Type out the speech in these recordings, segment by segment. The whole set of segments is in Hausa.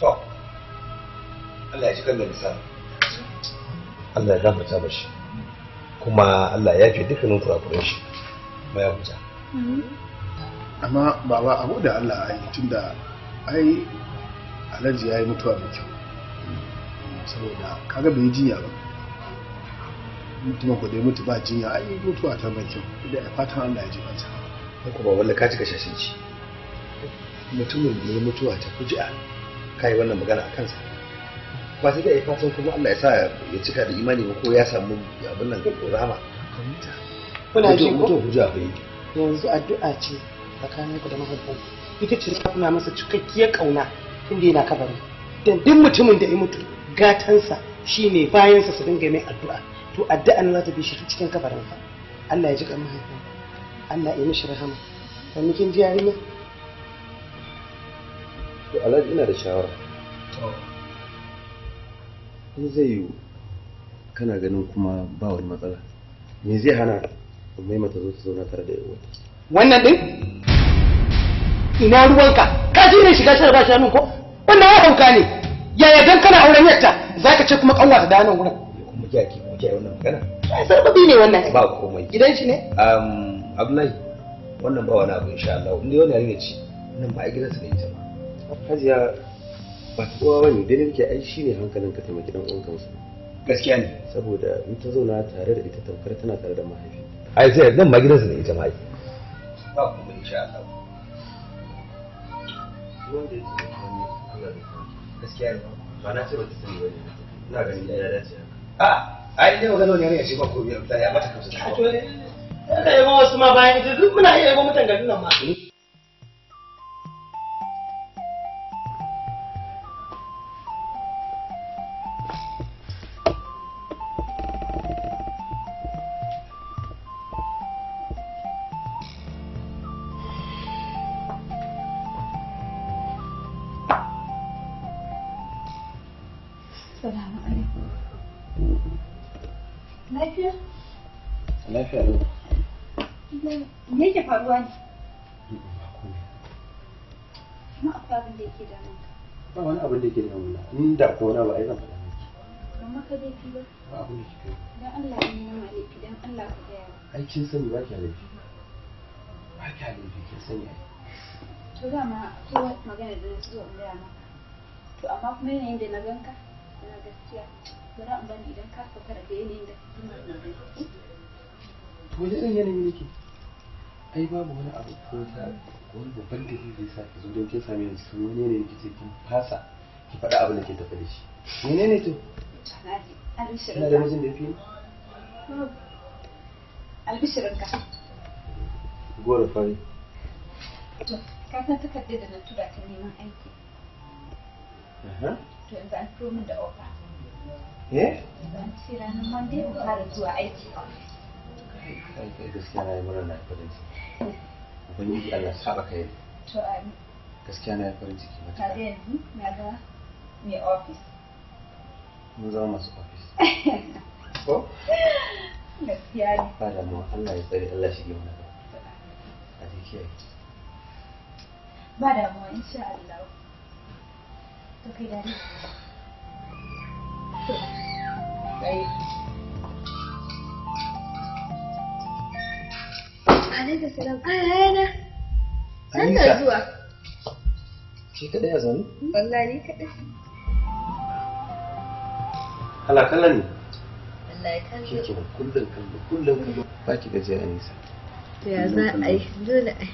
to Allah ya ji kan misal Allah ya ta mashi kuma Allah ya fi dukkanin kurakuran shi ma ya huta amma baba abu da Allah ai tunda ai alhaji ya yi mutuwa mai kyau saboda kaga bai jinya ba mutumin ku dai mutu ba jinya ai mutuwa ta mai kyau da ya fatan Allah ya ji mata Kuma ba wallahi ka cika shashin ci mutumin ne mutuwa ta kuji'a kai wannan magana a kansa ba sai da ya fatan kuma Allah ya sa ya cika da imani ko ya samu abin nan rama kuna ji ko hujja bai yanzu addu'a ce tsakanin ku da mahaifin ita ce ta kuna masa cikakkiyar kauna inda yana kabari dan duk mutumin da ya mutu gatansa shine bayansa su dinga mai addu'a to addu'an za ta bi shi cikin kabarin Allah ya ji kan mahaifin Allah ya mishi rahama kan kin ji yarinya to alhaji ina da shawara in zai yi kana ganin kuma ba wani matsala me zai hana mai mata zo ta zauna tare da yawon wannan din ina ruwanka ka ji ne shiga sharba shanun ko wannan ya hauka ne yaya dan kana auren za ka ce kuma kanwa ta da nan wurin kuma ya ki kuma ya wannan magana sai sababi ne wannan ba komai gidan shi ne um Abdullahi wannan ba wani abu insha Allah inda wani yarinya ci nan ba a gidansa ne ita ba hajiya ba ta kowa bane dai nake ai shine hankalin ka taimaki dan uwan kansa gaskiya ne saboda in ta zauna tare da ita tamkar tana tare da mahaifi ai sai dan ma gidansa ne ita ma ai ba kuma insha Allah wanda yake da wani Allah da gaskiya ne ba na ce ba ta sani bane ina ganin ya dace a ai ne magana ne ya ce ba ko ya mata kansa ta to ne da yabo wasu ma bayan ita duk muna iya mutan garin nan ma ko wani ba ai zan faɗa amma ka dai fi ba ba abin da kike dan Allah in yi mai laifi dan Allah ka ga ba ki laifi ba ki laifi to ma to magana da su ne da to amma kuma yanayin da na ganka na gaskiya bari an bani idan ka saka da yanayin da to ne ai babu wani abu ko ta wani babban dalili sa ki zo don kin same ni wani yanayin kice kin fasa ki faɗa abin da ke tafi da shi ne ne to na da mijin da fi albishirinka gora fari to ka san takardar da na tura ta neman aiki to yanzu an turo min da ofa eh an ce ranar monday mu fara zuwa aiki gaskiya na yi murna na farin ciki ubangiji allah saba kai to gaskiya na yi farin ciki mata yanzu na ga mai ofis mun zama masu ofis ko gaskiya ne ba da mu Allah ya tsare Allah shi gina a jikiya ba da mu insha Allah to kai dare Alaikum salam. Ayana. Nan da zuwa. Ki kadai a zaune? Wallahi ni Kana kallon ne? Wallahi kallon. Kike kullum kallo kullum kallo ba ki gaje Anisa. To ya za a yi dole a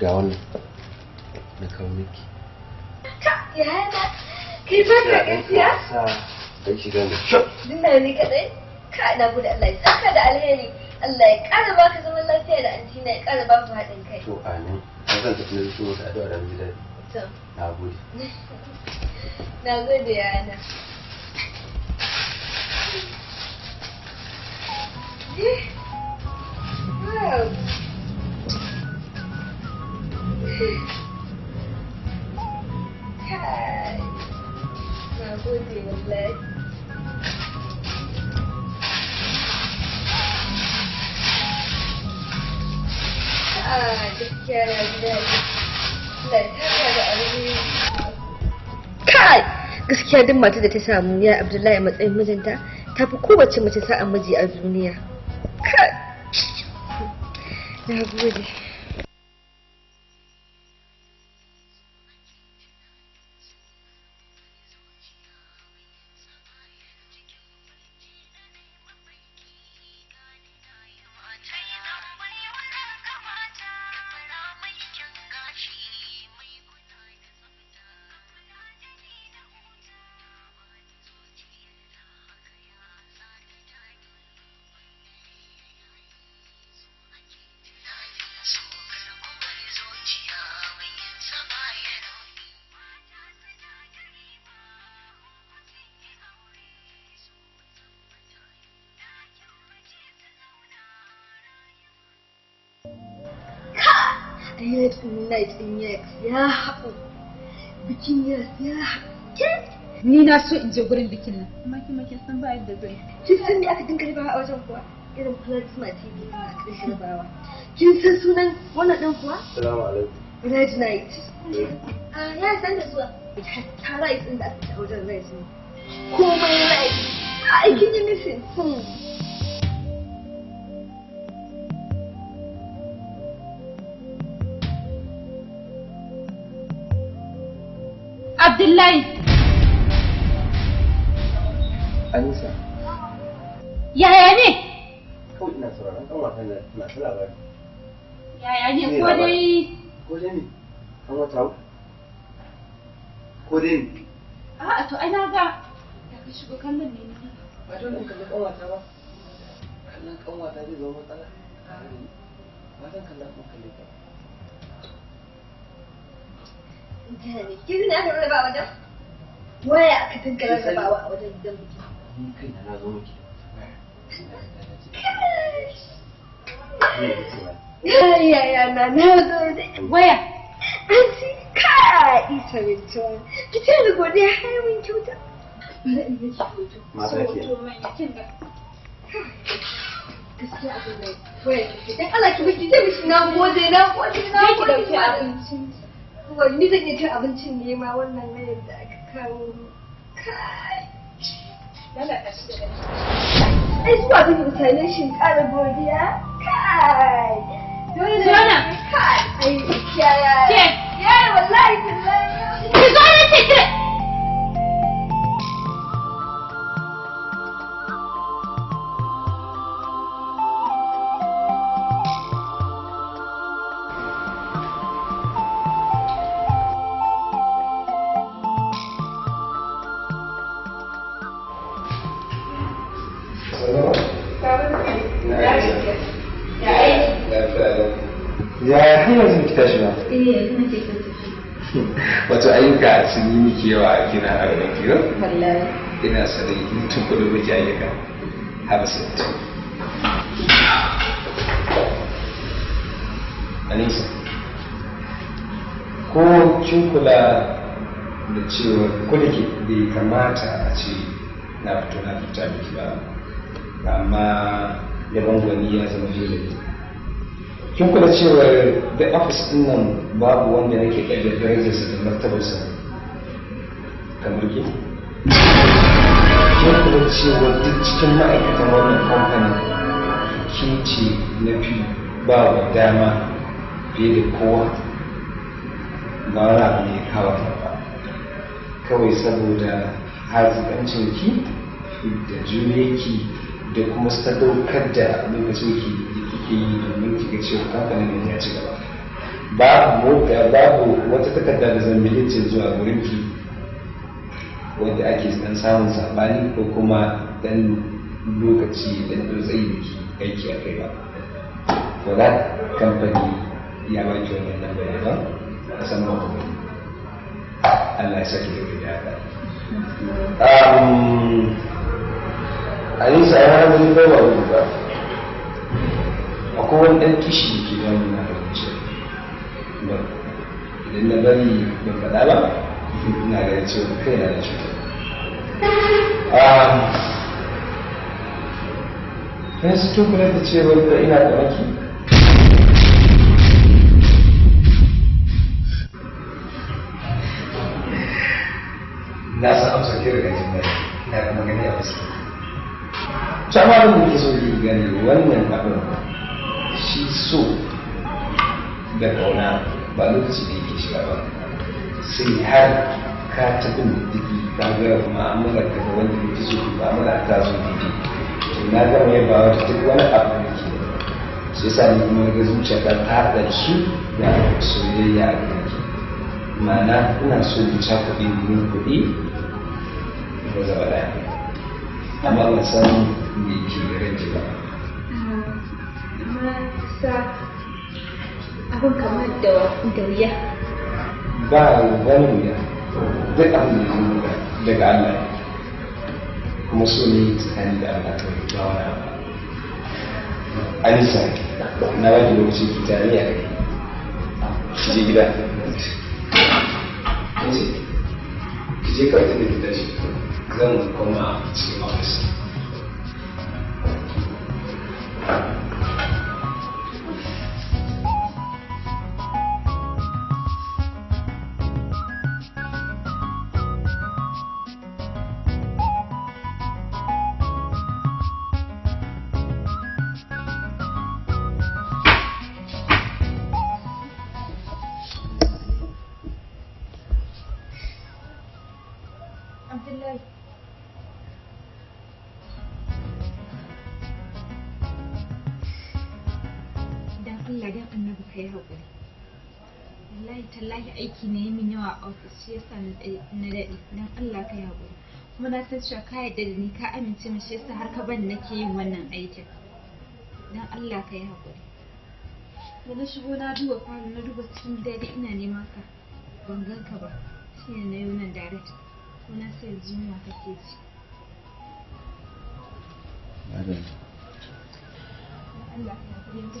Ga wannan na kawo miki. Ka ya hana kai ba ka gajiya? Ai shiga ne. Dinna ne kadai? Ka ina gudu Allah ya saka da alheri. Allah ya ƙara baka zaman lafiya da antina ya ƙara baka haɗin kai. To amin. Zan tafi na zuwa da addu'a da mu daɗi. So. Nervous. Nervous dia Ana. Yeah, yeah, yeah. kai gaskiya duk matar da ta samu ya abdullahi matsayin mijinta ta fi kowace mace sa'a miji a duniya kai na gode da yakin ya haɗu bikin yaks ya haɗu ni na so in je gurin bikin nan amma kuma kin san ba yadda zai kin san me aka dinga a wajen kuwa irin plasma tv a ƙarshen kin san wannan ɗan kuwa red night eh. a ah, ya san da zuwa ta rice ɗin da aka a wajen rice ne komai nufin hmm. Abdullahi. Anisa. Yaya ne? Kawai ina sauraron ɗan wasan nan na ta labari. Yaya ne ko dai? Ko dai ne? Ɗan wata Ko dai ne? A'a to ai na ga da ka shigo kallon ne ne. Ba don in kalli ɗan wata ba. Kallon ɗan wata zai zama matsala. Ba zan kalla kuma kalli ba. Kirkin aka rarraba Waya aka dinka rarrabawa a wajen da waya. wani ni zan iya cin abincin ne ma wannan na yadda aka kawo kai lalata shi da ai zuwa bin mutane shin ƙara godiya kai dole ne, kai ai yaya ke yaya wallahi tallahi ki zo ne ki ya har yanzu ki tashi ba eh, ke wato ayyuka sun yi miki yawa a gina a gaban kiro wallahi ina sanin in tun kudu miki ayyuka har sai Anisa ko kin kula da cewa ko da bai kamata a ce na fito na fita miki ba amma yaban gwani ya zama dole kin kula cewa da office din nan babu wanda nake da da martabarsa kamar ki kin kula cewa duk cikin ma'aikatan wannan kamfani kin ce na fi ba wa dama fiye da kowa ba mai abu ne kawo ta ba kawai saboda hazikancin ki da jure da kuma sadaukar da lokacin ki kike yi domin kika ce haka ne ya ci gaba babu mota babu wata takarda da zan bilince zuwa gurin ki wanda ake dan samun sabani ko kuma dan lokaci dan dutsayi da ke aiki a kai ba wala kamfani ya ba ki wannan lambar ba san ba Allah ya akwai wani ɗan kishi da ke damu na da wuce idan na bari ban faɗa ba ina ganin cewa kai na da cutar kan su tukuna da cewa da ina da maki na san amsa ke daga jin daɗi ina da magani a wasu. Ta Cama da muke so yi gani wannan abin ba. shi so da ƙauna ba lokaci da yake shiga ba sai har ka tafi diddigi ka ga ma'amalar ka da wanda yake so ma'amala ta zo daidai to na ga mai ba wata duk wani abu da ke sai sa ni kuma ga zuciya ta haɗa shi da soyayya a kanki ma'ana ina so da sha kuɗi domin kuɗi ba zaba ya amma ba san me ke ranki ba sa abin kamar da wuya ba wani wuya duk abin da kuma daga Allah kuma so ne tsakanin da Allah ta wuta wani Anisa na ba da lokaci ki a kai gida ki je kawai da ki tashi zan koma cikin ofis Allah dan annabi kai haƙuri wallahi tallahi aiki ne min yawa a ofis shi yasa na daɗi. Allah kai haƙuri kuma na san cewa ka da ni ka amince min shi yasa har ka bani nake yin wannan aikin dan Allah kai haƙuri da na shigo na duba fara na duba cikin gida ina neman ka ban gan ka ba shi ne na yi wannan direct Kuma na sai yanzu yunwa kake ji Allah ya yanzu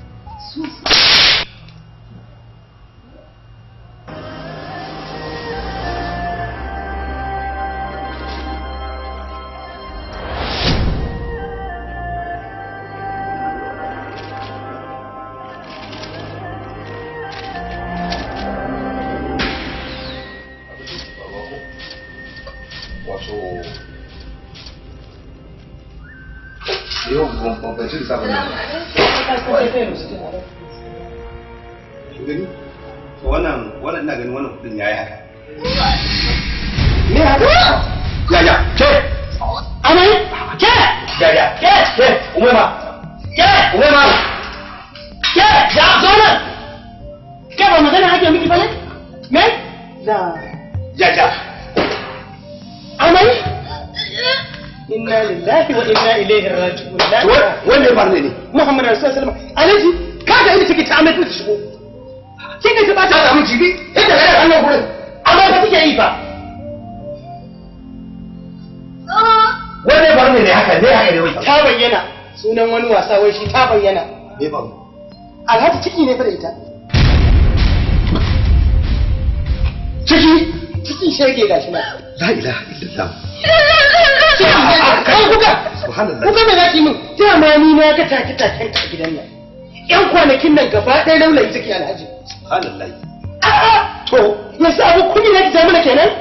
Super. umaima ke umaima ke da zo ke ba magana ake miki bane me da ja ja amai inna lillahi wa inna ilaihi raji'un wanda barne ne muhammad sallallahu alaihi wasallam alaji kaga inda kike ta amai ta shigo kike ta bata da miji bi inda ga annan gurin amma ba kike yi fa wanda barne ne haka ne haka ne ta bayyana sunan wani wasa wai shi ta bayyana me ba alhaji ciki ne fa da ita ciki ciki shege gashi na la ilaha illallah kai kuka kuka me zaki min ta ma ni na ga take take ta gidan nan yan kwanakin nan gaba ɗaya laulayi take alhaji subhanallah to sa abu kuni na ta mana kenan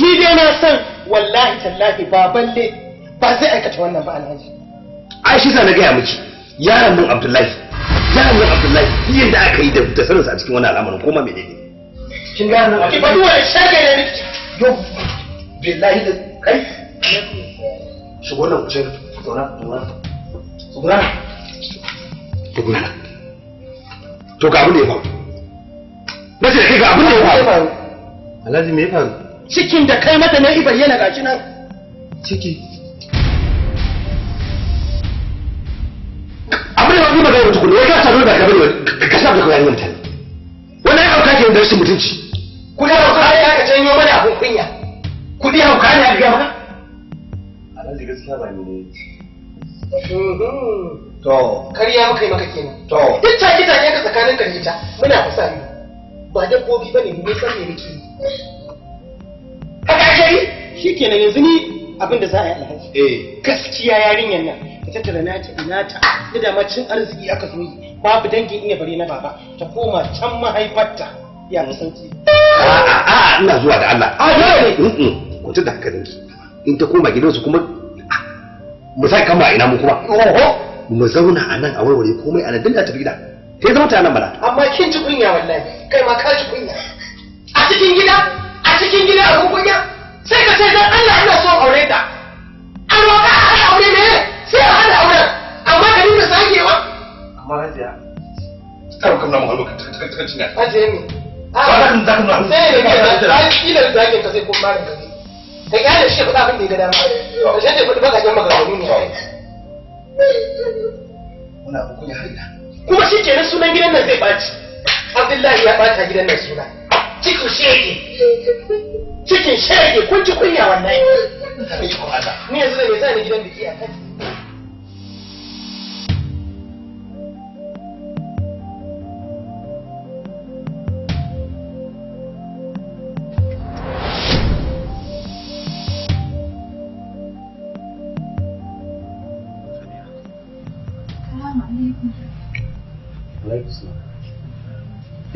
ni dai na san wallahi tallahi baballe ba zai aikata wannan ba alhaji ai shi sa na gaya miki yaron nan abdullahi yaron nan abdullahi shi yadda aka yi da saninsa a cikin wannan al'amarin koma menene kin ga nan abdullahi ba duwa shaka ne miki yo billahi da kai shigo nan kuce zauna zauna zauna zauna to ga abin da ya faru na ce kai ga abin da ya faru alhaji me ya faru cikin da kai mata na ibayyana gashi nan ciki yi magana mutu kuma ya ka samu da kabari ka sa da koyar mutane wannan ya hauka ke da rashin mutunci kuɗi hauka ai aka canyo mana abun kunya kuɗi hauka ne a gaba a nan da gaskiya ba ne mhm. to kariya muka yi maka kenan to ita ita ne ka tsakanin ka ita muna kusa ne ba dabbobi ba ne mun san me muke yi haka ake yi kenan yanzu ni abin da za a yi alhaji eh. gaskiya yarinyar nan ita da naci ina ta da cin arziki aka zo yi babu dangin iya bare na baba ta koma can mahaifarta ya fi sauki a'a ina zuwa da Allah a ne ku ta da hankalinki in ta koma gidansu kuma ah, mu sai kama ina mu kuma oho mu zauna a nan a warware komai a nan dinga tafi gida sai zama ta nan bala amma kin ji kunya wallahi kai ma ka ji kunya a cikin gida a cikin gida a kunya sai ka sai dan Allah ina so aure ta nuna mun halwa kan cinya aje ni sai ne ka ta da zakin ka shi abin da ya shi ne jan ne muna kunya harina sunan gidan nan zai abdullahi ya gidan nan suna cikin shege cikin shege kun ci kunya wannan ni yanzu da me sa ni gidan biki a kai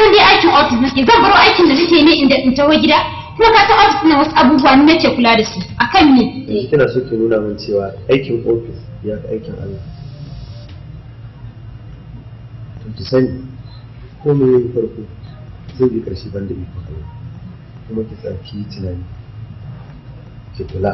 san dai aikin ofis nake zan baro aikin da nake ne inda in tawo gida kuma ka ta ofis na wasu abubuwa ne nake kula da su akan ne eh, kina so ki nuna min cewa aikin ofis ya fi aikin Allah to ki sani ko me yin farko zai bi karshe banda iko kuma ki tsaki tunani ki kula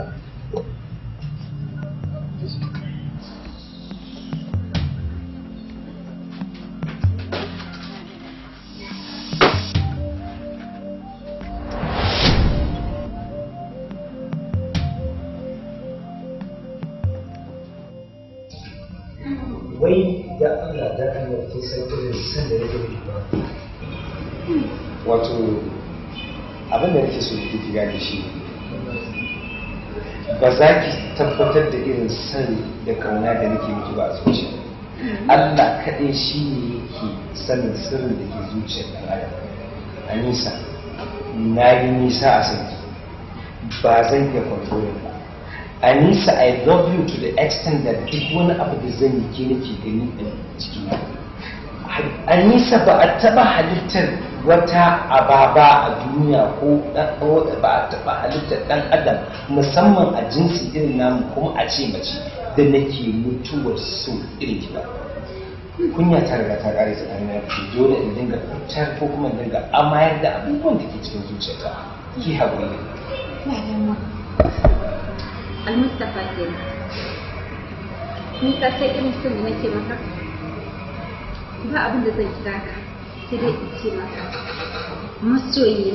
wai da Allah da kan da ke san san da yake da wato abin da yake so ki ki da shi ba za ki tabbatar da irin san da kauna da nake miki ba a zuciya Allah kaɗai shi ne yake sanin sirrin da ke zuciyar da adam a nisa na yi nisa a sanki ba zan iya kwanto ba Anisa I love you to the extent that duk wani abu da zan yi ke nake gani a cikin Anisa ba a taba halittar wata ababa a duniya ko ba a taba halittar ɗan adam musamman a jinsi irin namu kuma a ce mace da nake mutuwar so irin ki ba. Kunya ta riga ta ƙare tsakanin na dole in dinga fitar ko kuma in dinga amayar da abubuwan da ke cikin zuciyarta Ki haƙuri. almustafa ke ni ka sai irin son da nake maka ba abin da zan sai dai in maka kuma to ai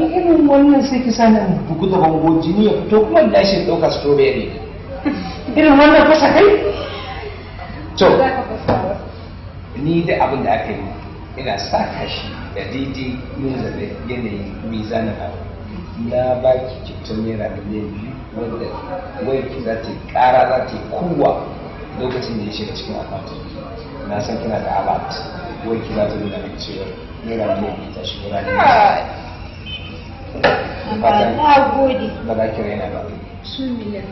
irin wannan sai ki sani bugu da bango jini ya kuma da shi ɗauka strawberry irin wannan fasa kai ni da abin da aka yi ina sa kashi da daidai yin zabe yanayin mizanin abu na ba ki kyautar naira miliyan biyu wadda wai ki za ta kara za ta kowa lokacin da ya shiga cikin akwatin na san kina da abat wai ki za ta nuna da cewa naira miliyan biyu ta shigo ranar yau ba na gode ba za ki raina ba su miliyan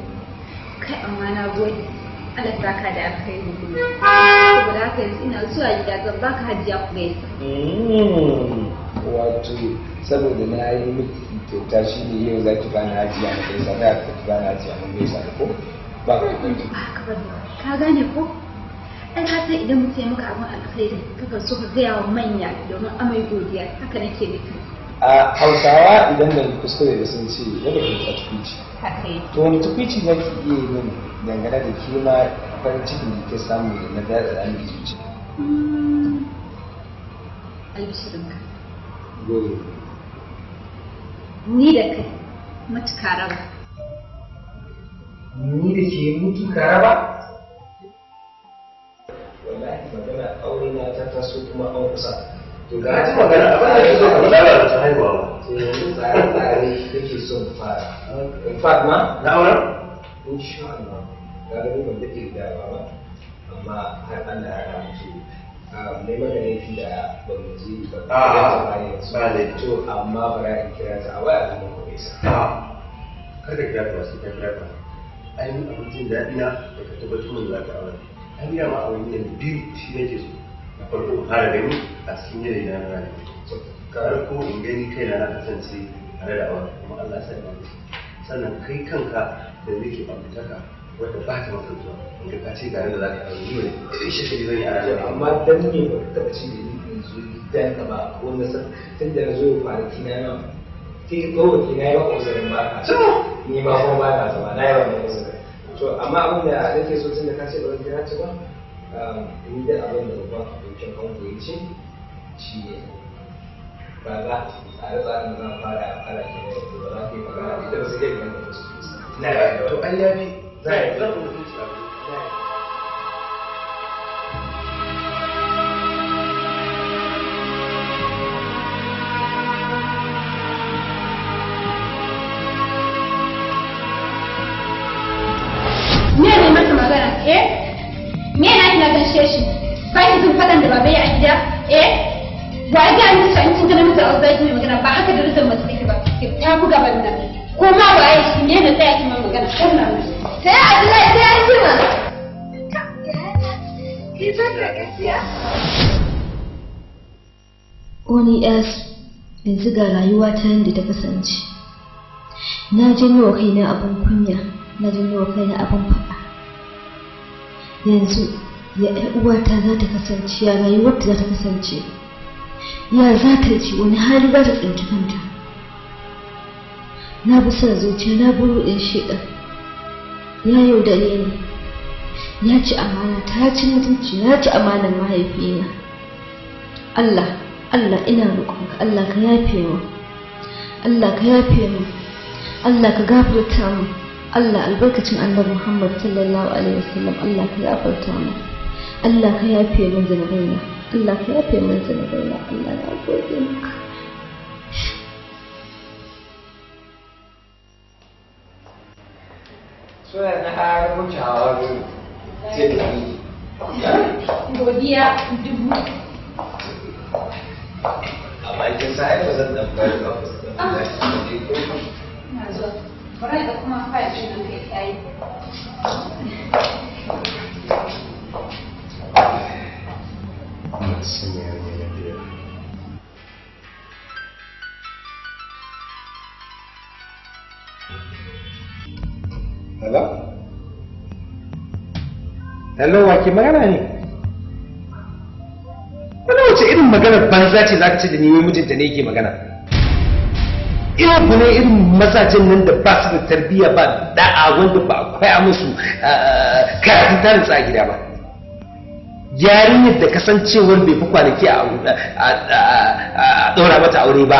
kai amma na gode Allah baka da alkhairi kuma saboda haka yanzu ina zuwa gida zan baka hajiya ku gaisa mm. wato saboda na yi miki kyauta shi ne yau za ki bani hajiya na gaisa da ka ki bani hajiya na gaisa ko ba ku ba ka gane ko ai ka san idan mutum ya maka abin alkhairi kaka so ka gaya wa manya domin amai godiya haka nake nufi a hausawa idan da kuskure da sun ce yadda ke ta tukwici to wani tukwici za ki iya yi min dangane da kima farin cikin da ke samu da na da an yi zuci ni da kai matuka raba ni da ke mutuka raba wallahi magana aure na ta taso kuma an kusa to ga ta magana abin da shi zai magana da ta haihuwa ba to eh, yanzu tsare-tsare yake son fara in fact ma na auren insha Allah ga da mun da kirga ba amma har Allah ya ramu su mai ah, mana laifi da ban ba ta ah, ah, ba yanzu ba to amma bara in kira ta a waya kuma ko isa kada kira ta sai ka kira ta ainihin daɗi na da ka tabbatar mun za ta aure an yi ma aure ne biyu shi nake so farko fara gani a cikin yin yanayi na rana ka ko in gani kai na kasance tare da awa kuma Allah ya sa sannan kai kanka da muke amintaka wadda ba ta maka zuwa inda ka ce tare da za ka yi ne da ishe ka yi a rana amma dan ne ba ta ce da ni in zo dan ka ba ko wanda san tun da zo ya fara kwanaki na nan ke kawai na yi ba uzurin ba ka ni ma kuma ba na zama na yi wa uzurin to amma abin da nake so tun da ka ce ba zan kira ta ba in da abin da babban abokin ango shi ne ba za tsare-tsaren da za a fara a kara da ba za ka yi magana ita ba su ke ganin da su. to an yafi za a yi baba ya gida eh wa ga an ci an cin kana mutu a zai mai magana ba haka da rubutun mace take ba ta buga banda ko ma waye shi ne na tsaya kuma magana kan nan sai a ji sai an ji ma Wani ‘yas yanzu ga rayuwa ta yadda ta kasance. Na janyo wa kaina abin kunya, na janyo wa kaina abin faɗa. Yanzu ya uwata za ta kasance ya rayuwarta za ta kasance ya za ta ci wani hali za ta tsinci kanta na bi sa zuciya na buru ɗin shiɗa ya yaudare ne ya ci amana ta ci mutunci ya ci amana mahaifina Allah Allah ina roƙonka Allah ka yafe mu Allah ka yafe mu Allah ka gafarta mu Allah albarkacin annabi Muhammad sallallahu alaihi wasallam Allah ka gafarta mu Allah ka yafe min zunubaina Allah ka yafe min zunubaina Allah na gode maka Suna na ƙarar ne ce da ni. Godiya dubu. A kin sa ai zan dan bayar ba. Ah. Na kuma kai. Seigneur, il est Dieu. Hello? Hello, wa ke magana ne? Wani wace irin maganar banza ce za ka ce da ni wai mijinta ne yake magana? Ina ku ne irin mazajen nan da ba su da tarbiyya ba da'a wanda ba a kwaya musu ah, ah, karatun tarin a gida ba. yarinyar da kasancewar bai fi kwanaki a ɗora mata aure ba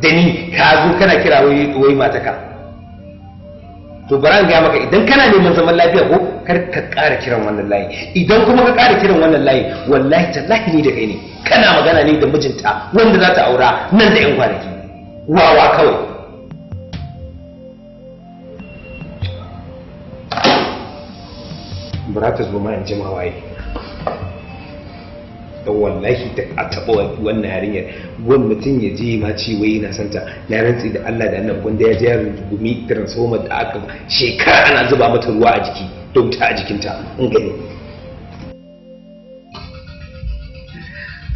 da ni ka zo kana kira wai mataka to bari an gaya maka idan kana neman zaman lafiya ko kar ka ƙara kiran wannan layi idan kuma ka ƙara kiran wannan layi wallahi tallahi ni da kai ne kana magana ne da mijinta wanda za ta aura nan da 'yan kwanaki wawa kawai Bratas ba in da wallahi ta a taɓa wannan yarinyar wani mutum ya ji ma ci wai yana santa ya rantsi da Allah da annabi wanda ya je yarin gumi transformer da aka shekara ana zuba mata ruwa a jiki don ta a jikinta in gani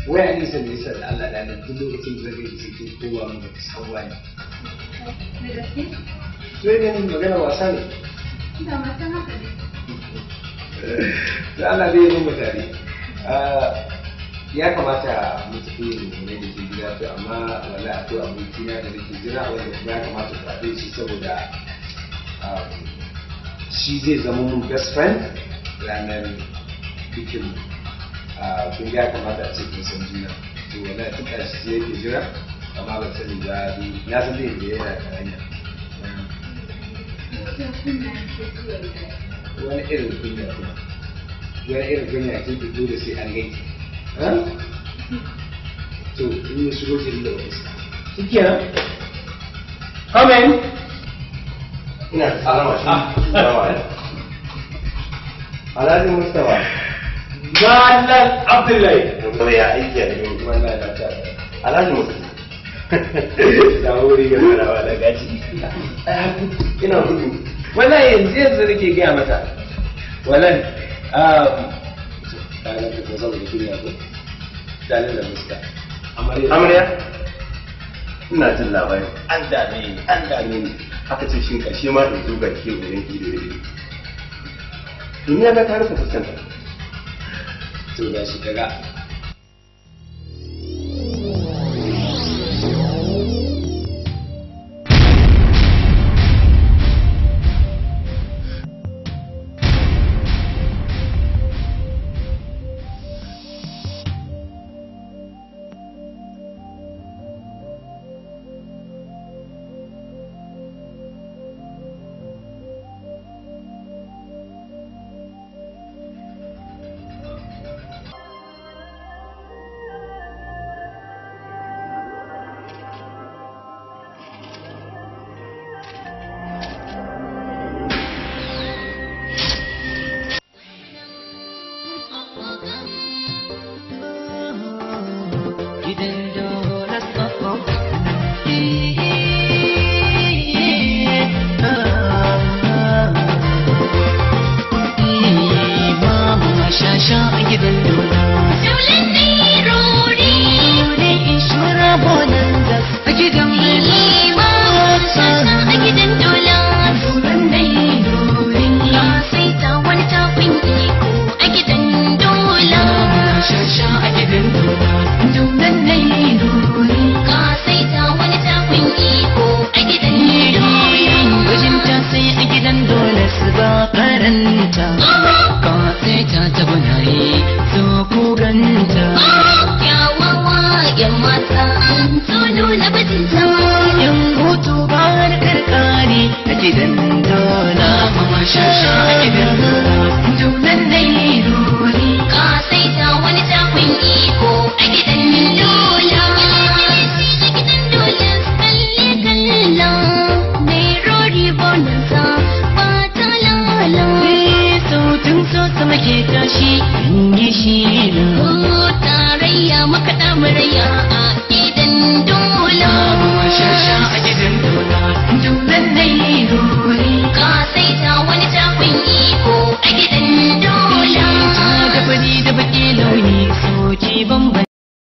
waya ne san da Allah da annabi duk lokacin da zai cikin kowa mu da sauwa ne sai ne magana wasa ne ina ma haka ne da Allah zai yi mu tare ya kamata mu tafi ne da ke gida to amma wala akwai aboki ya da nake jira wanda ya kamata ta fi shi saboda um, shi zai zama mun best friend ranar bikin uh, kun ya kamata a ce kun san juna to wala tun da shi ke jira amma ba sani ba ya san zai da yana da hanya wani irin kunya kuma wani irin kunya kin fito da sai an gaiki to in ya shigo gari da wani shi Amen. Ina salama shi. Ah. Alhaji Mustapha. Malam Abdullahi. Kuma ya Alhaji Mustapha. Da wuri ga marawa da gaji. Ina gudu. Wannan yanzu yanzu nake gaya mata. Wannan dalilin ka zama shi ne abu dalilin da musta amarya ina jin labarin an dame ni an dame ni aka ce shin karshe ma in zo ga ke wurin gido ne. ido duniya ta rufe fuskanta to ga shi daga